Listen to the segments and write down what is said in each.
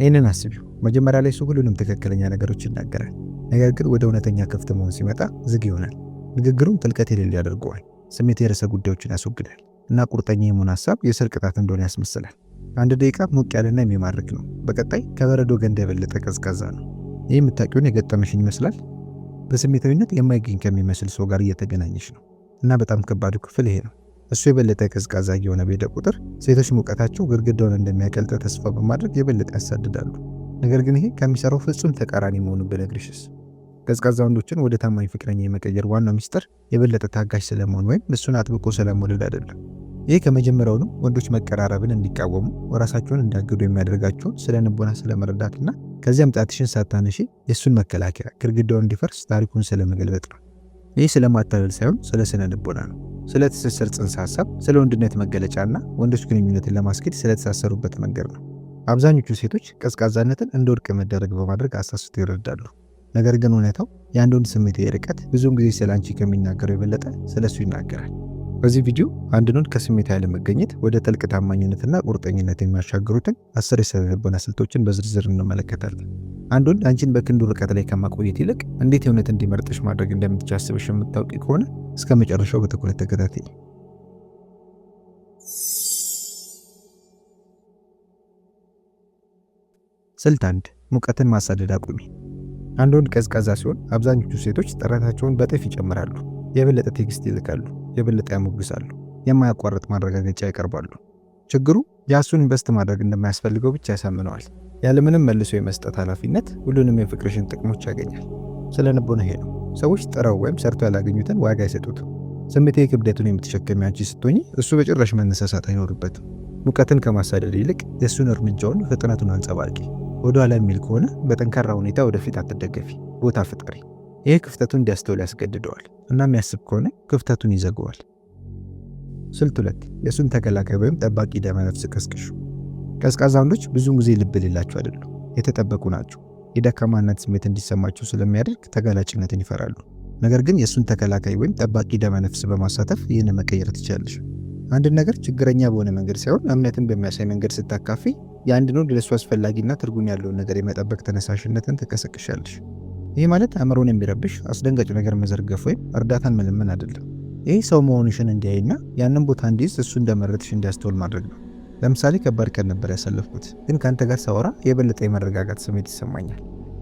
ይህንን አስቢው። መጀመሪያ ላይ እሱ ሁሉንም ትክክለኛ ነገሮች ይናገራል። ነገር ግን ወደ እውነተኛ ክፍት መሆን ሲመጣ ዝግ ይሆናል። ንግግሩም ጥልቀት የሌለ ያደርገዋል። ስሜት የርዕሰ ጉዳዮችን ያስወግዳል እና ቁርጠኛ የመሆን ሀሳብ የስር ቅጣት እንደሆነ ያስመስላል። አንድ ደቂቃ ሞቅ ያለና የሚማርክ ነው። በቀጣይ ከበረዶ ገንዳ የበለጠ ቀዝቃዛ ነው። ይህ የምታውቂውን የገጠመሽን ይመስላል። በስሜታዊነት የማይገኝ ከሚመስል ሰው ጋር እየተገናኘሽ ነው እና በጣም ከባዱ ክፍል ይሄ ነው። እሱ የበለጠ ቀዝቃዛ እየሆነ በሄደ ቁጥር ሴቶች ሙቀታቸው ግድግዳውን እንደሚያቀልጥ ተስፋ በማድረግ የበለጠ ያሳድዳሉ። ነገር ግን ይሄ ከሚሰራው ፍጹም ተቃራኒ መሆኑ ብነግርሽስ? ቀዝቃዛ ወንዶችን ወደ ታማኝ ፍቅረኛ የመቀየር ዋናው ሚስጥር የበለጠ ታጋሽ ስለመሆን ወይም እሱን አጥብቆ ስለመውደድ አይደለም። ይህ ከመጀመሪያውንም ወንዶች መቀራረብን እንዲቃወሙ ራሳቸውን እንዳግዱ የሚያደርጋቸውን ስለ ንቦና ስለመረዳትና ከዚያም ጣትሽን ሳታነሺ የእሱን መከላከያ ግድግዳውን እንዲፈርስ ታሪኩን ስለመገልበጥ ነው። ይህ ስለማታለል ሳይሆን ስለ ስነ ንቦና ነው። ስለ ትስስር ጽንሰ ሀሳብ፣ ስለ ወንድነት መገለጫና ወንዶች ግንኙነትን ለማስኬድ ስለተሳሰሩበት መንገድ ነው። አብዛኞቹ ሴቶች ቀዝቃዛነትን እንደ ወርቅ መደረግ በማድረግ አሳስቶ ይረዳሉ። ነገር ግን እውነታው የአንድ ወንድ ስሜት ርቀት ብዙውን ጊዜ ስለ አንቺ ከሚናገረው የበለጠ ስለ እሱ ይናገራል። በዚህ ቪዲዮ አንድን ወንድ ከስሜት መገኘት ወደ ጥልቅ ታማኝነትና ቁርጠኝነት የሚያሻግሩትን አስር የስነ ልቦና ስልቶችን በዝርዝር እንመለከታለን። አንድ ወንድ አንቺን በክንዱ ርቀት ላይ ከማቆየት ይልቅ እንዴት እውነት እንዲመርጥሽ ማድረግ እንደምትቻስብሽ የምታውቂ ከሆነ እስከ መጨረሻው በትኩረት ተከታተይ። ስልት አንድ ሙቀትን ማሳደድ አቁሚ። አንድ ወንድ ቀዝቃዛ ሲሆን አብዛኞቹ ሴቶች ጥረታቸውን በጥፍ ይጨምራሉ። የበለጠ ቴክስት ይልካሉ፣ የበለጠ ያሞግሳሉ፣ የማያቋርጥ ማረጋገጫ ያቀርባሉ። ችግሩ ያሱን ኢንቨስት ማድረግ እንደማያስፈልገው ብቻ ያሳምነዋል። ያለምንም መልሶ የመስጠት ኃላፊነት ሁሉንም የፍቅርሽን ጥቅሞች ያገኛል። ስለ ልቦና ይሄ ነው። ሰዎች ጥረው ወይም ሰርቶ ያላገኙትን ዋጋ አይሰጡት። ስሜታዊ ክብደቱን የምትሸከሚ አንቺ ስትሆኚ እሱ በጭራሽ መነሳሳት አይኖርበትም። ሙቀትን ከማሳደድ ይልቅ የእሱን እርምጃውን ፍጥነቱን አንጸባርቂ። ወደ የሚል ከሆነ በጠንካራ ሁኔታ ወደፊት አትደገፊ፣ ቦታ ፍጠሪ። ይህ ክፍተቱን እንዲያስተውል ያስገድደዋል እና የሚያስብ ከሆነ ክፍተቱን ይዘገዋል። ስልት ሁለት የእሱን ተከላካይ ወይም ጠባቂ ደመነፍስ ቀስቅሹ። ቀዝቃዛ ወንዶች ብዙውን ጊዜ ልብ የሌላቸው አይደሉም፣ የተጠበቁ ናቸው። የደካማነት ስሜት እንዲሰማቸው ስለሚያደርግ ተጋላጭነትን ይፈራሉ። ነገር ግን የእሱን ተከላካይ ወይም ጠባቂ ደመነፍስ በማሳተፍ ይህን መቀየር ትችላለች። አንድን ነገር ችግረኛ በሆነ መንገድ ሳይሆን እምነትን በሚያሳይ መንገድ ስታካፊ የአንድን ወንድ ለእሱ አስፈላጊና ትርጉም ያለውን ነገር የመጠበቅ ተነሳሽነትን ትቀሰቅሻለች። ይህ ማለት አእምሮን የሚረብሽ አስደንጋጭ ነገር መዘርገፍ ወይም እርዳታን መለመን አይደለም። ይህ ሰው መሆንሽን እንዲያይና ያንን ቦታ እንዲይዝ እሱ እንደመረጥሽ እንዲያስተውል ማድረግ ነው። ለምሳሌ ከባድ ቀን ነበር ያሳለፍኩት፣ ግን ከአንተ ጋር ሳወራ የበለጠ የመረጋጋት ስሜት ይሰማኛል።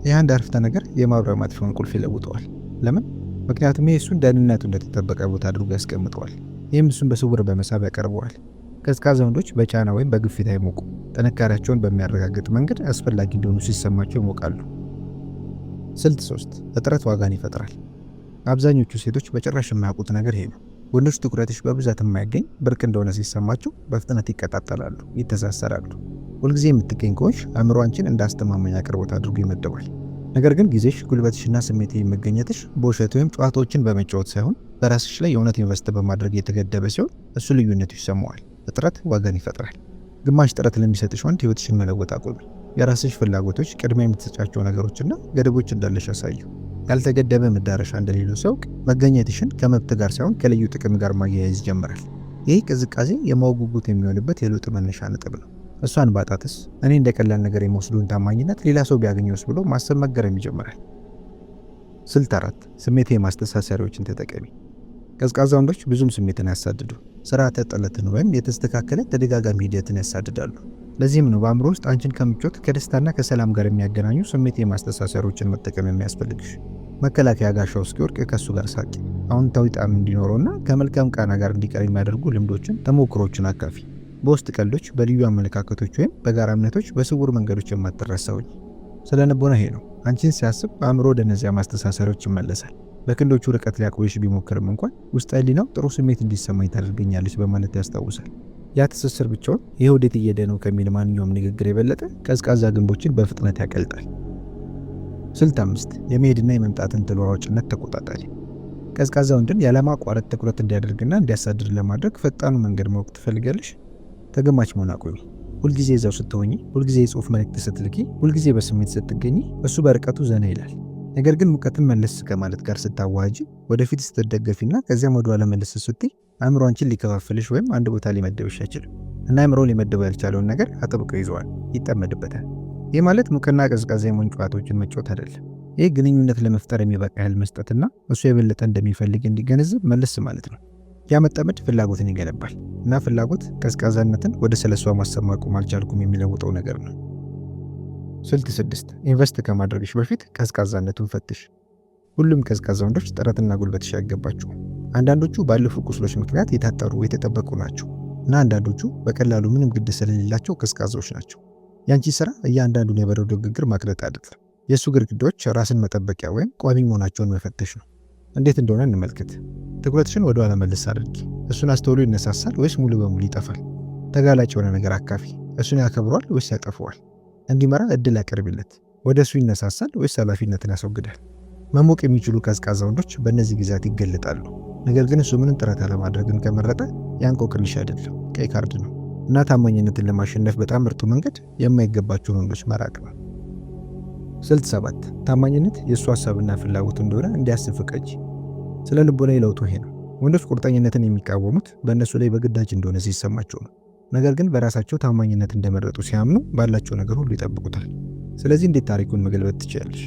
ይህ አንድ አርፍተ ነገር የማብሪያ ማጥፊያውን ቁልፍ ይለውጠዋል። ለምን? ምክንያቱም ይህ እሱን ደህንነቱ እንደተጠበቀ ቦታ አድርጎ ያስቀምጠዋል። ይህም እሱን በስውር በመሳብ ያቀርበዋል። ቀዝቃዛ ወንዶች በጫና ወይም በግፊት አይሞቁ፣ ጥንካሬያቸውን በሚያረጋግጥ መንገድ አስፈላጊ እንደሆኑ ሲሰማቸው ይሞቃሉ። ስልት ሶስት እጥረት ዋጋን ይፈጥራል። አብዛኞቹ ሴቶች በጭራሽ የማያውቁት ነገር ይሄ ነው። ወንዶች ትኩረትሽ በብዛት የማይገኝ ብርቅ እንደሆነ ሲሰማቸው በፍጥነት ይቀጣጠላሉ፣ ይተሳሰራሉ። ሁልጊዜ የምትገኝ ከሆንሽ አእምሮ አንቺን እንደ አስተማማኝ አቅርቦት አድርጎ ይመደባል። ነገር ግን ጊዜሽ፣ ጉልበትሽና ስሜት የመገኘትሽ በውሸት ወይም ጨዋታዎችን በመጫወት ሳይሆን በራስሽ ላይ የእውነት ኢንቨስት በማድረግ የተገደበ ሲሆን እሱ ልዩነቱ ይሰማዋል። እጥረት ዋጋን ይፈጥራል። ግማሽ ጥረት ለሚሰጥሽ ወንድ ህይወትሽን መለወጥ አቁሚ። የራስሽ ፍላጎቶች፣ ቅድሚያ የምትሰጫቸው ነገሮችና ገደቦች እንዳለሽ ያሳዩ። ያልተገደበ መዳረሻ እንደሌለው ሲያውቅ መገኘትሽን ከመብት ጋር ሳይሆን ከልዩ ጥቅም ጋር ማያያዝ ይጀምራል። ይህ ቅዝቃዜ የማወጉጉት የሚሆንበት የለውጥ መነሻ ነጥብ ነው። እሷን ባጣትስ እኔ እንደ ቀላል ነገር የመወስዱን ታማኝነት ሌላ ሰው ቢያገኘውስ ብሎ ማሰብ መገረም ይጀምራል። ስልት አራት ስሜት የማስተሳሰሪዎችን ተጠቀሚ። ቀዝቃዛ ወንዶች ብዙም ስሜትን ያሳድዱ ስርዓተ ጥለትን ወይም የተስተካከለ ተደጋጋሚ ሂደትን ያሳድዳሉ። ለዚህም ነው በአእምሮ ውስጥ አንቺን ከምቾት ከደስታና ከሰላም ጋር የሚያገናኙ ስሜት የማስተሳሰሮችን መጠቀም የሚያስፈልግሽ። መከላከያ ጋሻው እስኪወርቅ ከእሱ ጋር ሳቂ። አዎንታዊ ጣዕም እንዲኖረውና ከመልካም ቃና ጋር እንዲቀር የሚያደርጉ ልምዶችን፣ ተሞክሮችን አካፊ። በውስጥ ቀልዶች፣ በልዩ አመለካከቶች ወይም በጋራ እምነቶች፣ በስውር መንገዶች የማትረሳውኝ ስለ ንቦና ይሄ ነው። አንቺን ሲያስብ በአእምሮ ወደ እነዚያ ማስተሳሰሮች ይመለሳል። በክንዶቹ ርቀት ሊያቆይሽ ቢሞክርም እንኳን ውስጥ ህሊናው ጥሩ ስሜት እንዲሰማኝ ታደርገኛለች በማለት ያስታውሳል። ያ ትስስር ብቻውን ይህ ወዴት እየሄደ ነው ከሚል ማንኛውም ንግግር የበለጠ ቀዝቃዛ ግንቦችን በፍጥነት ያቀልጣል። ስልት አምስት የመሄድና የመምጣትን ተለዋዋጭነት ተቆጣጣሪ ቀዝቃዛ ወንድን ያለማቋረጥ ትኩረት እንዲያደርግና እንዲያሳድር ለማድረግ ፈጣኑ መንገድ ማወቅ ትፈልጋለሽ? ተገማች መሆን አቁሚ። ሁልጊዜ እዛው ስትሆኚ፣ ሁልጊዜ የጽሁፍ መልእክት ስትልኪ፣ ሁልጊዜ በስሜት ስትገኚ እሱ በርቀቱ ዘና ይላል። ነገር ግን ሙቀትን መለስ ከማለት ጋር ስታዋጅ ወደፊት ስትደገፊና ከዚያም ወደ ኋላ መለስ ስትይ አእምሮ አንቺን ሊከፋፍልሽ ወይም አንድ ቦታ ሊመደብሽ አይችልም እና አእምሮ ሊመደበው ያልቻለውን ነገር አጥብቆ ይዘዋል፣ ይጠመድበታል። ይህ ማለት ሙቅና ቀዝቃዛ የመሆን ጨዋታዎችን መጫወት አይደለም። ይህ ግንኙነት ለመፍጠር የሚበቃ ያህል መስጠትና እሱ የበለጠ እንደሚፈልግ እንዲገነዘብ መለስ ማለት ነው። ያ መጠመድ ፍላጎትን ይገነባል እና ፍላጎት ቀዝቃዛነትን ወደ ሰለሷ ማሰማቁ አልቻልኩም የሚለውጠው ነገር ነው። ስድስት ኢንቨስት ከማድረግሽ በፊት ቀዝቃዛነቱን ፈትሽ። ሁሉም ቀዝቃዛ ወንዶች ጥረትና ጉልበትሽ አይገባቸውም። አንዳንዶቹ ባለፉ ቁስሎች ምክንያት የታጠሩ የተጠበቁ ናቸው እና አንዳንዶቹ በቀላሉ ምንም ግድ ስለሌላቸው ቀዝቃዛዎች ናቸው። ያንቺ ስራ እያንዳንዱን የበረዶ ግግር ማቅለጥ አይደለም። የእሱ ግድግዳዎች ራስን መጠበቂያ ወይም ቋሚ መሆናቸውን መፈተሽ ነው። እንዴት እንደሆነ እንመልከት። ትኩረትሽን ወደ ኋላ መለስ አድርጊ። እሱን አስተውሎ ይነሳሳል ወይስ ሙሉ በሙሉ ይጠፋል? ተጋላጭ የሆነ ነገር አካፊ እሱን ያከብረዋል ወይስ ያጠፈዋል? እንዲመራ እድል ያቀርብለት። ወደ እሱ ይነሳሳል ወይስ ኃላፊነትን ያስወግዳል? መሞቅ የሚችሉ ቀዝቃዛ ወንዶች በእነዚህ ጊዜያት ይገለጣሉ። ነገር ግን እሱ ምንም ጥረት አለማድረግን ከመረጠ ያንቆቅልሽ አይደለም፣ ቀይ ካርድ ነው እና ታማኝነትን ለማሸነፍ በጣም ምርጡ መንገድ የማይገባቸውን ወንዶች መራቅ ነው። ስልት ሰባት ታማኝነት የእሱ ሀሳብና ፍላጎት እንደሆነ እንዲያስብ ፍቀጅ። ስለ ልቦና ለውጡ ይሄ ነው። ወንዶች ቁርጠኝነትን የሚቃወሙት በእነሱ ላይ በግዳጅ እንደሆነ ሲሰማቸው ነው። ነገር ግን በራሳቸው ታማኝነት እንደመረጡ ሲያምኑ ባላቸው ነገር ሁሉ ይጠብቁታል። ስለዚህ እንዴት ታሪኩን መገልበጥ ትችላለሽ?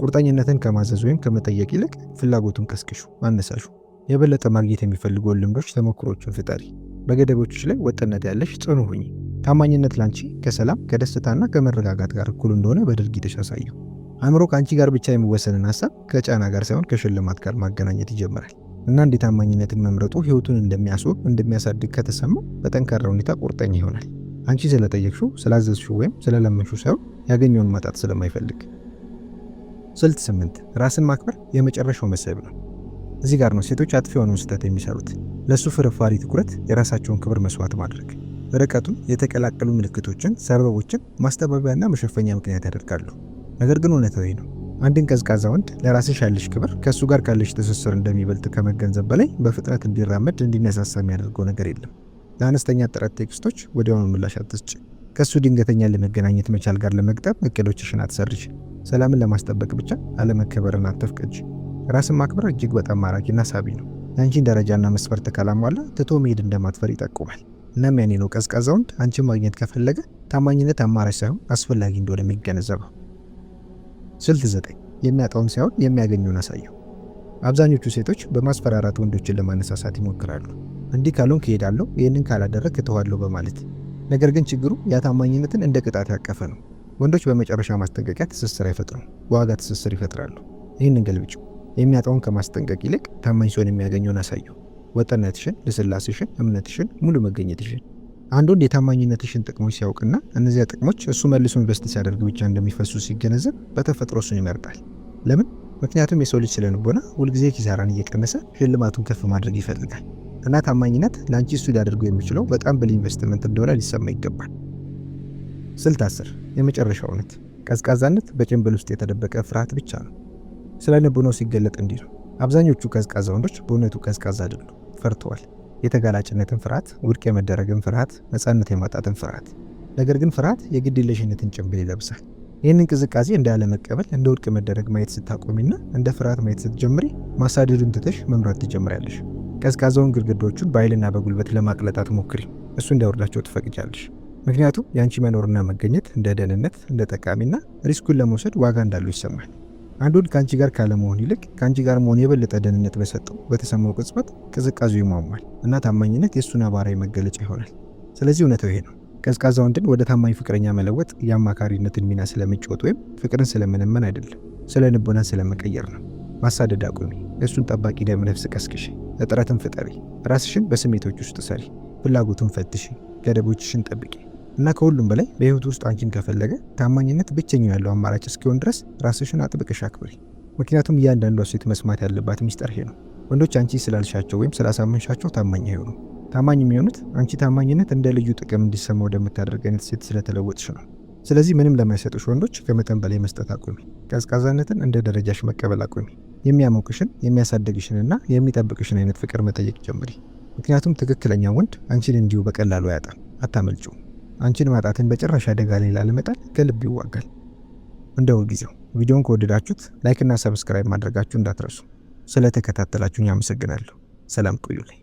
ቁርጠኝነትን ከማዘዝ ወይም ከመጠየቅ ይልቅ ፍላጎቱን ቀስቅሹ፣ አነሳሹ። የበለጠ ማግኘት የሚፈልገውን ልምዶች፣ ተሞክሮችን ፍጠሪ። በገደቦች ላይ ወጥነት ያለሽ ጽኑ ሁኚ። ታማኝነት ላንቺ ከሰላም ከደስታና ከመረጋጋት ጋር እኩል እንደሆነ በድርጊትሽ አሳየው። አእምሮ ከአንቺ ጋር ብቻ የሚወሰንን ሀሳብ ከጫና ጋር ሳይሆን ከሽልማት ጋር ማገናኘት ይጀምራል። እና እንዴት ታማኝነትን መምረጡ ህይወቱን እንደሚያስውብ እንደሚያሳድግ ከተሰማው በጠንካራ ሁኔታ ቁርጠኛ ይሆናል። አንቺ ስለጠየቅሽው ስላዘዝሽው ወይም ስለለመንሽው ሳይሆን ያገኘውን ማጣት ስለማይፈልግ። ስልት ስምንት ራስን ማክበር የመጨረሻው መስህብ ነው። እዚህ ጋር ነው ሴቶች አጥፊ የሆነውን ስህተት የሚሰሩት። ለእሱ ፍርፋሪ ትኩረት፣ የራሳቸውን ክብር መስዋዕት ማድረግ፣ ርቀቱን፣ የተቀላቀሉ ምልክቶችን፣ ሰበቦችን ማስተባበያና መሸፈኛ ምክንያት ያደርጋሉ። ነገር ግን እውነታዊ ነው አንድን ቀዝቃዛ ወንድ ለራስሽ ያለሽ ክብር ከእሱ ጋር ካለሽ ትስስር እንደሚበልጥ ከመገንዘብ በላይ በፍጥነት እንዲራመድ እንዲነሳሳ የሚያደርገው ነገር የለም። ለአነስተኛ ጥረት ቴክስቶች ወዲያውኑ ምላሽ አትስጭ። ከእሱ ድንገተኛ ለመገናኘት መቻል ጋር ለመግጠም እቅዶችሽን አትሰርች። ሰላምን ለማስጠበቅ ብቻ አለመከበርን አትፍቀጅ። ራስን ማክበር እጅግ በጣም ማራኪና ሳቢ ነው። የአንቺን ደረጃና መስፈርት ካላሟላ ትቶ መሄድ እንደማትፈር ይጠቁማል። እናም ያኔ ነው ቀዝቃዛ ወንድ አንቺን ማግኘት ከፈለገ ታማኝነት አማራጭ ሳይሆን አስፈላጊ እንደሆነ የሚገነዘበው። ስልት ዘጠኝ የሚያጣውን ሳይሆን የሚያገኘውን አሳየው። አብዛኞቹ ሴቶች በማስፈራራት ወንዶችን ለማነሳሳት ይሞክራሉ። እንዲህ ካልሆንክ እሄዳለሁ፣ ይህንን ካላደረግ እተዋለሁ በማለት ነገር ግን ችግሩ ያታማኝነትን እንደ ቅጣት ያቀፈ ነው። ወንዶች በመጨረሻ ማስጠንቀቂያ ትስስር አይፈጥሩም፣ በዋጋ ትስስር ይፈጥራሉ። ይህንን ገልብጭው። የሚያጣውን ከማስጠንቀቅ ይልቅ ታማኝ ሲሆን የሚያገኘውን አሳየው። ወጥነትሽን፣ ልስላሴሽን፣ እምነትሽን፣ ሙሉ መገኘትሽን አንድ ወንድ የታማኝነትሽን ጥቅሞች ሲያውቅና እነዚያ ጥቅሞች እሱ መልሶ ኢንቨስት ሲያደርግ ብቻ እንደሚፈሱ ሲገነዘብ በተፈጥሮ እሱን ይመርጣል። ለምን? ምክንያቱም የሰው ልጅ ስለንቦና ሁልጊዜ ኪሳራን እየቀነሰ ሽልማቱን ከፍ ማድረግ ይፈልጋል እና ታማኝነት ለአንቺ እሱ ሊያደርገው የሚችለው በጣም ብል ኢንቨስትመንት እንደሆነ ሊሰማ ይገባል። ስልት አስር የመጨረሻው እውነት ቀዝቃዛነት በጭንብል ውስጥ የተደበቀ ፍርሃት ብቻ ነው። ስለ ንቦናው ሲገለጥ እንዲህ ነው። አብዛኞቹ ቀዝቃዛ ወንዶች በእውነቱ ቀዝቃዛ አይደሉም፣ ፈርተዋል የተጋላጭነትን ፍርሃት፣ ውድቅ የመደረግን ፍርሃት፣ ነፃነት የማጣትን ፍርሃት። ነገር ግን ፍርሃት የግድየለሽነትን ጭንብል ይለብሳል። ይህንን ቅዝቃዜ እንዳለመቀበል፣ እንደ ውድቅ መደረግ ማየት ስታቆሚና እንደ ፍርሃት ማየት ስትጀምሪ ማሳደዱን ትተሽ መምራት ትጀምሪያለሽ። ቀዝቃዛውን ግድግዳዎቹን በኃይልና በጉልበት ለማቅለጣት ሞክሪ። እሱ እንዳይወርዳቸው ትፈቅጃለሽ። ምክንያቱም የአንቺ መኖርና መገኘት እንደ ደህንነት፣ እንደ ጠቃሚና ሪስኩን ለመውሰድ ዋጋ እንዳለው ይሰማል። አንድ ወንድ ከአንቺ ጋር ካለመሆን ይልቅ ከአንቺ ጋር መሆን የበለጠ ደህንነት በሰጠው በተሰማው ቅጽበት ቅዝቃዜው ይሟሟል እና ታማኝነት የእሱን አባራዊ መገለጫ ይሆናል። ስለዚህ እውነታው ይሄ ነው። ቀዝቃዛ ወንድን ወደ ታማኝ ፍቅረኛ መለወጥ የአማካሪነትን ሚና ስለመጫወት ወይም ፍቅርን ስለመነመን አይደለም፣ ስለ ንቦናን ስለመቀየር ነው። ማሳደድ አቁሚ። እሱን ጠባቂ ደም ነፍስ ቀስቅሽ፣ እጥረትን ፍጠሪ፣ ራስሽን በስሜቶች ውስጥ ሰሪ፣ ፍላጎቱን ፈትሽ፣ ገደቦችሽን ጠብቄ። እና ከሁሉም በላይ በህይወት ውስጥ አንቺን ከፈለገ ታማኝነት ብቸኛው ያለው አማራጭ እስኪሆን ድረስ ራስሽን አጥብቅሽ አክብሪ። ምክንያቱም እያንዳንዷ ሴት መስማት ያለባት ሚስጠር ይሄ ነው። ወንዶች አንቺ ስላልሻቸው ወይም ስላሳመንሻቸው ታማኝ አይሆኑ። ታማኝ የሚሆኑት አንቺ ታማኝነት እንደ ልዩ ጥቅም እንዲሰማ ወደምታደርግ አይነት ሴት ስለተለወጥሽ ነው። ስለዚህ ምንም ለማይሰጡሽ ወንዶች ከመጠን በላይ መስጠት አቁሚ። ቀዝቃዛነትን እንደ ደረጃሽ መቀበል አቁሚ። የሚያሞቅሽን የሚያሳድግሽንና የሚጠብቅሽን አይነት ፍቅር መጠየቅ ጀምሪ። ምክንያቱም ትክክለኛ ወንድ አንቺን እንዲሁ በቀላሉ አያጣም። አታመልጩ። አንቺን ማጣትን በጭራሽ አደጋ ላይ ላለመጣል ከልብ ይዋጋል። እንደ ሁልጊዜው ቪዲዮን ከወደዳችሁት ላይክና ሰብስክራይብ ማድረጋችሁ እንዳትረሱ። ስለተከታተላችሁኝ አመሰግናለሁ። ሰላም ቆዩልኝ።